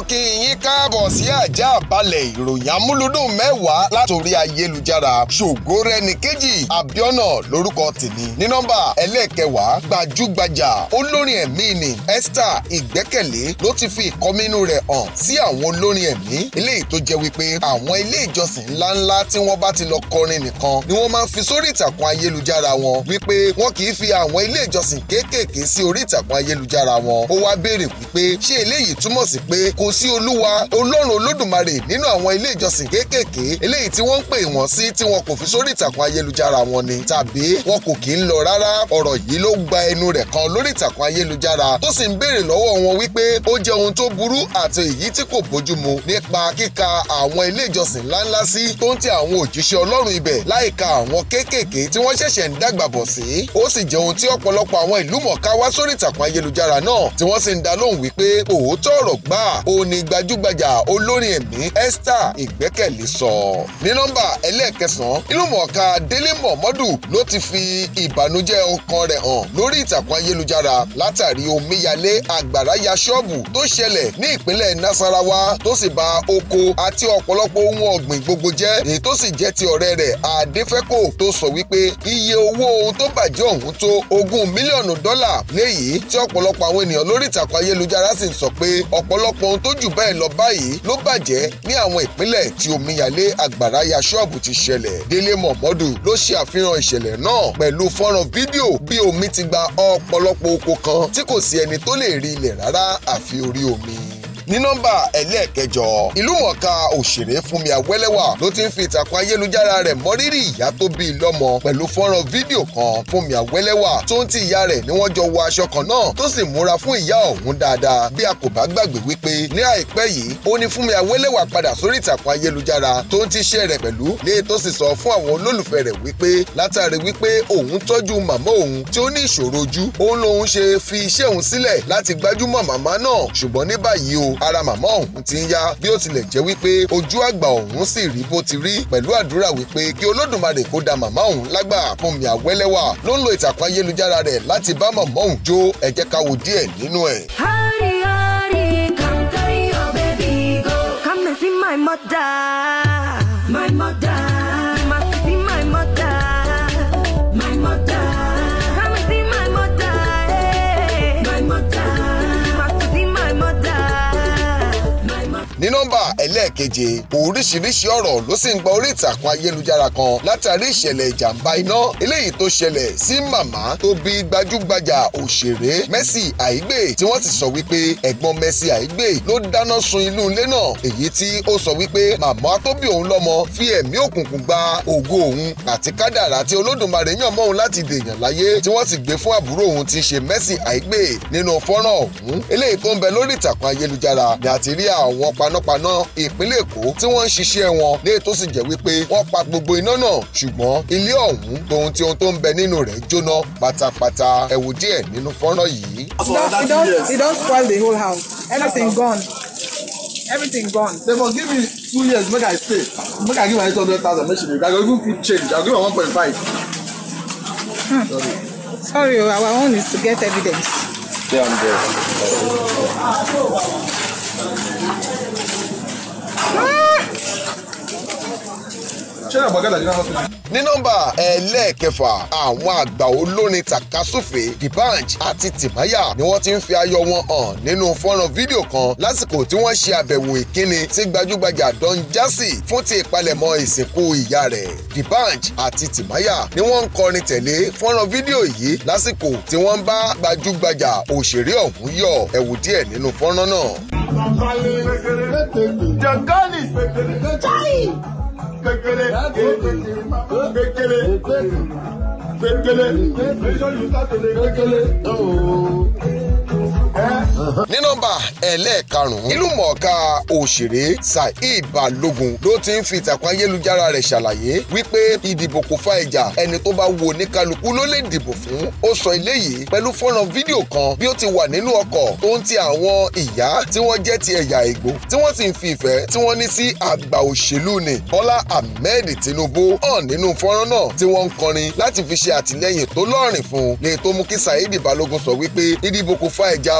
mo kí yín káàbọ̀ sí àjà àbálẹ̀ ìròyìn amúlùdùn mẹ́wàá látòrí ayélujára ṣògórẹ́ ní kejì abiona lórúkọ tèmi ní nọ́mbà ẹlẹ́ẹ̀kẹwàá gbajúgbajà olórin ẹ̀mí ni Esther Ìgbẹ́kẹ̀lé ló ti fi ìkọminú rẹ̀ hàn sí àwọn olórin ẹ̀mí eléyìí tó jẹ́ wípé àwọn ilé ìjọsìn ńláńlá tí wọ́n bá ti lọ kọrin nìkan ni wọ́n máa ń fi sórí ìtàkùn ayélujára wọn wípé wọn kì í fi àwọn ilé ìjọsìn kéékèèké sí orí ìtàkùn ayélujára wọn ó wá béèrè wípé ṣé eléyìí túmọ̀ sí pé kò ògo sí olúwa ọlọ́run olódùmarè nínú àwọn ilé ìjọsìn kéékèèké eléyìí tí wọ́n ń pè wọ́n sí tí wọn kò fi sórí ìtàkùn ayélujára wọn ni tàbí wọn kò kì í lọ rárá ọ̀rọ̀ yìí ló gba ẹnu rẹ̀ kan lórí ìtàkùn ayélujára tó sì ń béèrè lọ́wọ́ wọn wípé ó jẹ́ ohun tó burú àti èyí tí kò bójú mu nípa kíka àwọn ilé ìjọsìn ńláńlá sí tó ń ti àwọn òjíṣẹ́ ọlọ́run ibẹ̀ láìka àwọn kéékèèké tí wọ́n ṣẹ̀ṣẹ̀ ń dàgbà bọ̀ sí ó sì jẹ́ ohun tí ọ̀pọ̀lọpọ̀ àwọn ìlú mọ̀ọ́ká ó ní gbajúgbajà olórin ẹ̀mí Esther Ìgbẹ́kẹ̀lé sọ. ní nọ́mbà ẹlẹ́ẹ̀kẹsàn-án ìlúmọ̀ọ́ká Délé Mọ̀mọ́dù ló ti fi ìbànújẹ́ ọkàn rẹ̀ hàn lórí ìtàkùn ayélujára látàrí omíyalé àgbàrá ya ṣọ́ọ̀bù tó ṣẹlẹ̀ ní ìpínlẹ̀ Nasarawa tó sì ba oko àti ọ̀pọ̀lọpọ̀ ohun ọ̀gbìn gbogbo jẹ́ èyí tó sì jẹ́ ti ọ̀rẹ́ rẹ̀ Adéfẹ́kò tó sọ wípé iye owó ohun tó bàjẹ́ ọ̀hún tó ogún mílíọ̀nù dọ́là léyìí tí ọ̀pọ̀lọpọ̀ àwọn ènìyàn lórí ìtàkùn ayélujára sì ń sọ pé ọ̀pọ̀lọpọ̀ ohun tó jù bẹ́ẹ̀ lọ báyìí ló bàjẹ́ ní àwọn ìpínlẹ̀ tí omíyalé àgbàrá ya ṣọ́ọ̀bù ti ṣẹlẹ̀ délé mọ̀mọ́dù ló ṣe àfihàn ìṣẹ̀lẹ̀ náà pẹ̀lú fọ́nrán fídíò bí omi ti gba ọ̀pọ̀lọpọ̀ oko kan tí kò sí ẹni tó lè rí ilẹ̀ rárá àfi orí omi ní nọ́mbà ẹlẹ́ẹ̀kẹjọ ìlúmọ̀ọ́ká òṣèré Fúnmi Awẹ́lẹ́wà ló ti ń fi ìtàkùn ayélujára rẹ̀ mọ́rírì ìyá tó bí i lọ́mọ pẹ̀lú fọ́nrán fídíò kan Fúnmi Awẹ́lẹ́wà tó ń ti ìyá rẹ̀ ni wọ́n jọ wọ aṣọ kan náà tó sì múra fún ìyá ọ̀hún dáadáa bí a kò bá gbàgbé wípé ní àìpẹ́ yìí ó ní Fúnmi Awẹ́lẹ́wà padà sórí ìtàkùn ayélujára tó ń ti iṣẹ́ rẹ̀ pẹ̀lú lé tó sì sọ fún àwọn olólùfẹ́ rẹ̀ wípé látàrí wípé òun tọ́jú màmá òun tí ó ní ìṣòro ojú òun lòun ṣe fi iṣẹ́ òun o ara màmá ti ń yá bí ó tilẹ̀ jẹ́ wípé ojú àgbà ọ̀hún sì rí bó ti rí pẹ̀lú àdúrà wípé kí olódùmarè kó da màmá ọ̀hún lágbà Wúnmí Awẹ́lẹ́wà ló ń lo ìtàkùn ayélujára rẹ̀ láti bá màmá ọ̀hún jó ẹ ká wo díẹ̀ nínú ẹ̀. come see my mother my mother. ẹlẹ́ẹ̀keje oríṣiríṣi ọ̀rọ̀ ló sì ń gba orí ìtàkùn ayélujára kan látàrí ìṣẹ̀lẹ̀ ìjàmbá iná eléyìí tó ṣẹlẹ̀ sí màmá tó bí gbajúgbajà òṣèré Mercy Aigbe tí wọ́n ti sọ wípé ẹ̀gbọ́n Mercy Aigbe ló dáná sun inú ilé náà èyí tí ó sọ wípé màmá tó bí òun lọ́mọ fi ẹ̀mí òkùnkùn gba ògo òun àti kádàrá tí olódùmarè yàn mọ́ òun láti dèèyàn láyé tí wọ́n sì gbé fún àbúrò òun ti ṣe Mercy Aigbe nínú fọ́nrán ọ̀hún eléyìí tó ń bẹ lórí ìtàkùn ayélujára ni àti rí àwọn panápaná ìp ìpínlẹ̀ èkó tí wọ́n ń ṣiṣẹ́ wọn ní ètò sì jẹ́ wípé wọ́n pa gbogbo iná náà ṣùgbọ́n ilé ọ̀hún tòun tí ohun tó ń bẹ nínú rẹ̀ jóná pátápátá ẹ díẹ̀ nínú fọ́nrán yìí. it don spoil the whole house everything gone everything gone. they must give me two years make i stay make i give my eight hundred thousand make she be i go even keep change I'll give her one point five. Hmm. sorry oh, our own is to get evidence. Yeah, I'm there. Oh ní nọ́mbà ẹlẹ́ẹ̀kẹfà àwọn àgbà olórin takasúfè dibanj àti timaya ni wọ́n ti ń fi ayọ̀ wọn hàn nínú fọ́nrán fídíò kan lásìkò tí wọ́n ṣe àbẹ̀wò ìkíni tí gbajúgbajà Don Jazzy fún ti ìpalẹ̀mọ́ ìsìnkú ìyá rẹ̀ dibanj àti timaya ni wọ́n ń kọrin tẹ̀lé fọ́nrán fídíò yìí lásìkò tí wọ́n ń bá gbajúgbajà òṣèré ọ̀hún yọ̀ ẹ wò díẹ̀ nínú fọ́nrán náà. Jangani. Chai. Kékeré. Kékeré. Kékeré. Kékeré. Kékeré. Kékeré. Oh ní nọ́mbà ẹlẹ́ẹ̀karùn-ún ìlú mọ̀ọ́ká òṣèré Saheed Balogun ló ti ń fi ìtàkùn ayélujára rẹ̀ ṣàlàyé wípé ìdìbò kò fa ìjà ẹni tó bá wo oníkálukú ló lè dìbò fún ó sọ eléyìí pẹ̀lú fọ́nrán fídíò kan bí ó ti wà nínú ọkọ̀ tó ń ti àwọn ìyá tí wọ́n jẹ́ ti ẹ̀yà Ìgbò tí wọ́n sì ń fi ìfẹ́ tí wọ́n ní sí àgbà òṣèlú ni Bọ́lá Ahmed Tinubu hàn nínú fọ́nrán náà Balogun sọ wípé ìdìbò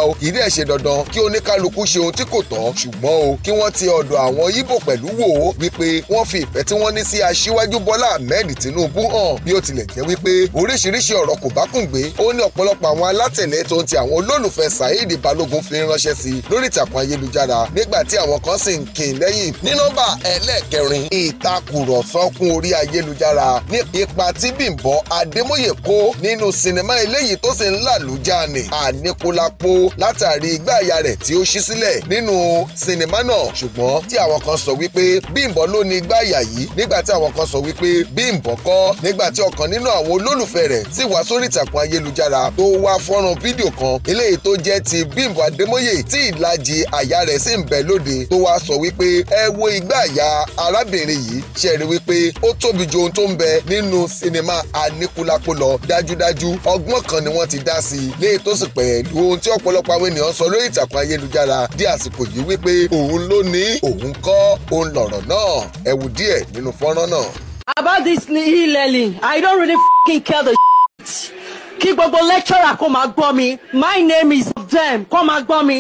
o kì í dẹ̀ ṣe dandan kí oníkálukú ṣe ohun tí kò tán ṣùgbọ́n o kí wọ́n ti ọ̀dọ̀ àwọn Ìgbò pẹ̀lú wò ó wípé wọ́n fi ìfẹ́ tí wọ́n ní sí aṣíwájú Bọ́lá Ahmed Tinubu hàn bí ó tilẹ̀ jẹ́ wípé oríṣiríṣi ọ̀rọ̀ kò bá kùn gbé ó ní ọ̀pọ̀lọpọ̀ àwọn alátẹ̀lé tó ń ti àwọn olólùfẹ́ Saheed Balogun fi ránṣẹ́ sí lórí ìtàkùn ayélujára nígbà tí àwọn kan sì ń kin lẹ́yìn ní nọ́mbà ẹlẹ́ẹ̀kẹrin ìtakùrọ̀sọ kún orí ayélujára ní ipa tí Bímbọ́ Adémóyè kó nínú sinimá eléyìí tó sì ń làlújá ni Àníkúlápó látàrí gbáàyà rẹ̀ tí ó ṣí sílẹ̀ nínú sinimá náà ṣùgbọ́n tí àwọn kan sọ wípé Bímbọ́ ló ní gbáàyà yìí nígbà tí àwọn kan sọ wípé Bímbọ́ kọ́ nígbà tí ọ̀kan nínú àwọn olólùfẹ́ rẹ̀ sì wá sórí ìtàkùn ayélujára tó wá fọ́nrán fídíò kan eléyìí tó jẹ́ ti Bímbọ́ Adémóyè tí ìlàjì àyà rẹ̀ sì ń bẹ lóde tó wá sọ wípé ẹ wo ìgbáàyà arábìnrin yìí ṣẹ̀rí wípé ó tóbi ju ohun tó ń bẹ nínú sinimá Aníkúlápó lọ dájúdájú ọgbọ́n kan ni wọ́n ti dá sí i léyìí tó sì pẹ̀lú ohun tí ọ̀pọ̀lọpọ̀ ọ̀pọ̀lọpọ̀ àwọn ènìyàn sọ lórí ìtàkùn ayélujára di àsìkò yìí wípé òun ló ní òun kọ́ òun lọ̀rọ̀ náà ẹ díẹ̀ nínú fọ́nrán náà. about this e-learning i don't really f***ing care the shit kí gbogbo lecturer kó máa gbọ́ mi my name is them kó máa gbọ́ mi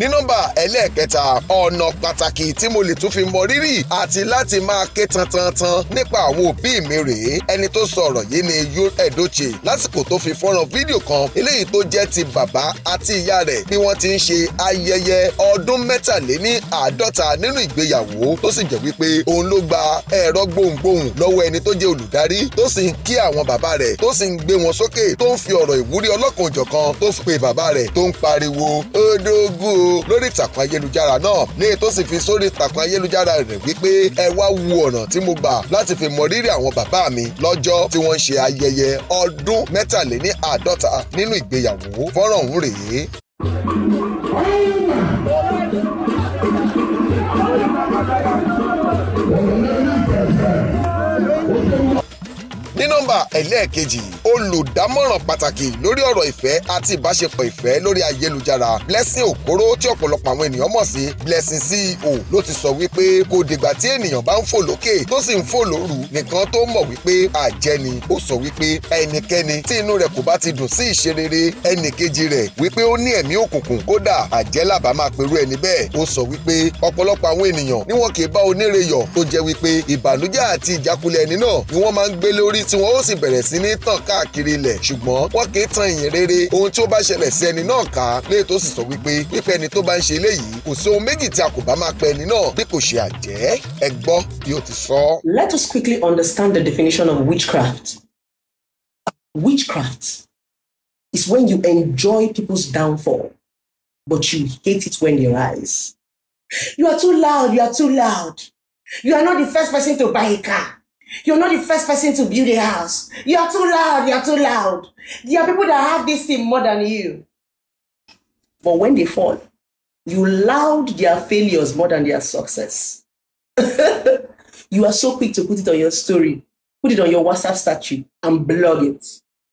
ní nọ́mbà ẹlẹ́ẹ̀kẹta ọ̀nà pàtàkì tí mo lè tún fi mọ rírì àti láti máa ké tantantan nípa àwọn òbí mi rèé ẹni tó sọ ọ̀rọ̀ yìí ni Yul Edochie lásìkò tó fi fọ́nrán fídíò kan eléyìí tó jẹ́ ti bàbá àti ìyá rẹ̀ bí wọ́n ti ń ṣe ayẹyẹ ọdún mẹ́tàléní àádọ́ta nínú ìgbéyàwó tó sì jẹ́ wípé òun ló gba ẹ̀rọ gbohùngbohùn lọ́wọ́ ẹni tó jẹ́ olùdarí tó sì ń kí àwọn bàbá rẹ̀ tó sì ń gbé wọn sókè tó ń fi ọ̀rọ̀ ìwúrí ọlọ́kan ò tó fi pe bàbá rẹ̀ tó ń pariwo ó o dúró lórí ìtàkùn ayélujára náà ní tó sì fi sórí ìtàkùn ayélujára rẹ̀ wípé ẹ wá wo ọ̀nà tí mo gbà láti fi mọ rírì àwọn bàbá mi lọ́jọ́ tí wọ́n ń ṣe ayẹyẹ ọdún mẹ́tàléní àádọ́ta nínú ìgbéyàwó fọ́nrán ọ̀hún rèé ẹlẹ́ẹ̀kejì olùdámọ̀ràn pàtàkì lórí ọ̀rọ̀ ìfẹ́ àti ìbáṣepọ̀ ìfẹ́ lórí ayélujára Blessing Okoro tí ọ̀pọ̀lọpọ̀ àwọn ènìyàn mọ̀ sí Blessing CEO ló ti sọ wípé kò dìgbà tí ènìyàn bá ń fò lókè tó sì ń fò lóru nìkan tó mọ̀ wípé àjẹ́ ni ó sọ wípé ẹnikẹ́ni tí inú rẹ̀ kò bá ti dùn sí ìṣerere ẹnìkejì rẹ̀ wípé ó ní ẹ̀mí òkùnkùn kódà àjẹ́ làbá máa perú ẹni bẹ́ẹ̀ ó sọ wípé ọ̀pọ̀lọpọ̀ àwọn ènìyàn ni wọn kì í bá oníreyọ̀ tó jẹ́ wípé ìbànújẹ́ àti ìjákulẹ̀ ẹni náà ni wọ́n máa ń gbé lórí tí wọ́n ó sì bẹ̀rẹ̀ sí ní tàn káàkiri ilẹ̀ ṣùgbọ́n wọ́n kì í tan ìyìn rere ohun tí ó bá ṣẹlẹ̀ sí ẹni náà ká lè tó sì sọ wípé pípẹ́ ẹni tó bá ń ṣe eléyìí kò sí ohun méjì tí a kò bá máa pẹ́ ẹni náà bí kò ṣe àjẹ́ ẹ gbọ́ bí ó ti sọ. Let us quickly understand the definition of witchcraft. Witchcraft is when you enjoy people's downfall, but you hate it when they rise. You are too loud, you are too loud. You are not the first person to buy a car. You're not the first person to build a house. You are too loud. You are too loud. There are people that have this thing more than you. But when they fall, you laud their failures more than their success. you are so quick to put it on your story, put it on your WhatsApp statue, and blog it.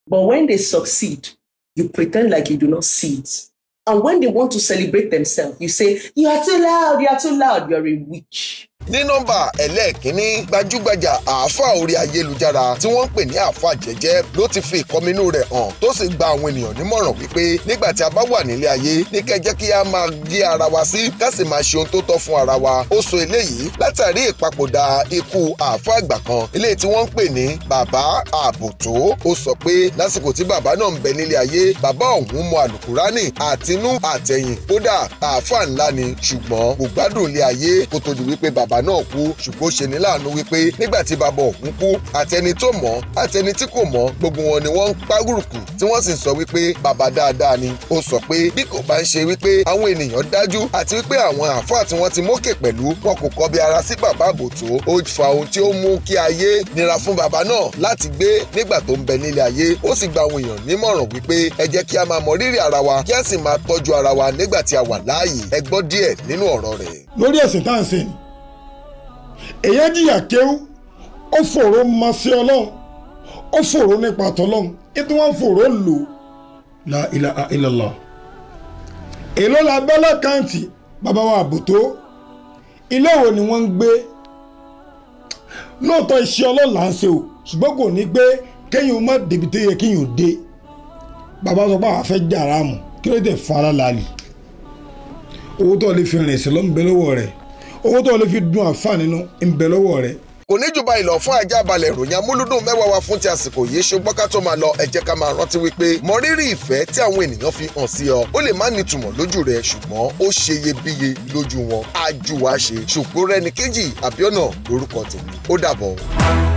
But when they succeed, you pretend like you do not see it. And when they want to celebrate themselves, you say, You are too loud, you are too loud, you're a witch. ní nọ́mbà ẹlẹ́ẹ̀kínní gbajúgbajà àáfà orí ayélujára tí wọ́n ń pè ní àáfà jẹ́jẹ́ ló ti fi ìkọminú rẹ̀ hàn tó sì gba àwọn ènìyàn nímọ̀ràn wípé nígbà tí a bá wà nílé ayé ní kẹjẹ́ kí a máa gé ara wa sí ká sì máa ṣe ohun tó tọ́ fún ara wa ó sọ eléyìí látàrí ìpapòdà ikú àáfà àgbà kan eléyìí tí wọ́n ń pè ní bàbá àbùtó ó sọ pé lásìkò tí bàbá náà ń bẹ nílé ayé ni ṣùgbọ́n kò gbádùn ilé ayé kó tó bàb bàbá náà kú ṣùgbọ́n ṣe ní láàánú wípé nígbà tí bàbá òun kú àtẹni tó mọ̀ àtẹni tí kò mọ̀ gbogbo wọn ni wọ́n ń párùkù tí wọ́n sì ń sọ wípé bàbá dáadáa ni ó sọ pé bí kò bá ń ṣe wípé àwọn ènìyàn dájú àti wípé àwọn àáfàá tí wọ́n ti mókè pẹ̀lú wọn kò kọbi ara sí bàbá àbòtó ó fa ohun tí ó mú kí ayé nira fún bàbá náà láti gbé nígbà tó ń bẹ nílé ayé ó sì gba àwọn èèyàn nímọ̀ràn wípé ẹ jẹ́ kí a máa mọ rírì ara wa kí a sì máa tọ́jú ara wa nígbà tí a wà láàyè ẹ gbọ́ díẹ̀ nínú ọ̀rọ̀ rẹ̀. lórí ẹ̀sìn tá à ń sìn èyàn jìyà kéwú ó fòrò mọ sí ọlọ́run ó fòrò nípa tọlọ́run ètò wọn fòrò lò la ilaha illallah èló la bẹ́ lákàntì bàbá wa àbòtó ilé wo ni wọ́n ń gbé lóòótọ́ iṣẹ́ ọlọ́run là ń ṣe o ṣùgbọ́n kò ní gbé kéèyàn má débi tó yẹ kéèyàn dé bàbá sọ pé àwọn afẹ́ jàrá mu kí ló dé fara lálẹ́ owó tó lè fi rìn sí lọ́nbẹ́ rẹ̀ owó tó lè fi dun àǹfààní nínú ń bẹ lọ́wọ́ rẹ̀ kò ní jùbà ìlọ fún ajá balẹ̀ ìròyìn amúlúdùn mẹ́wàá wa fún ti àsìkò yìí ṣùgbọ́n ká tó máa lọ ẹ jẹ́ ká máa rántí wípé mọrírì ìfẹ́ tí àwọn ènìyàn fi hàn sí ọ ó lè má nítumọ̀ lójú rẹ ṣùgbọ́n ó ṣe iyebíye lójú wọn á ju wá ṣe ṣùgbọ́n rẹ́ni àbíọ́nà lórúkọ tèmi ó dàbọ̀.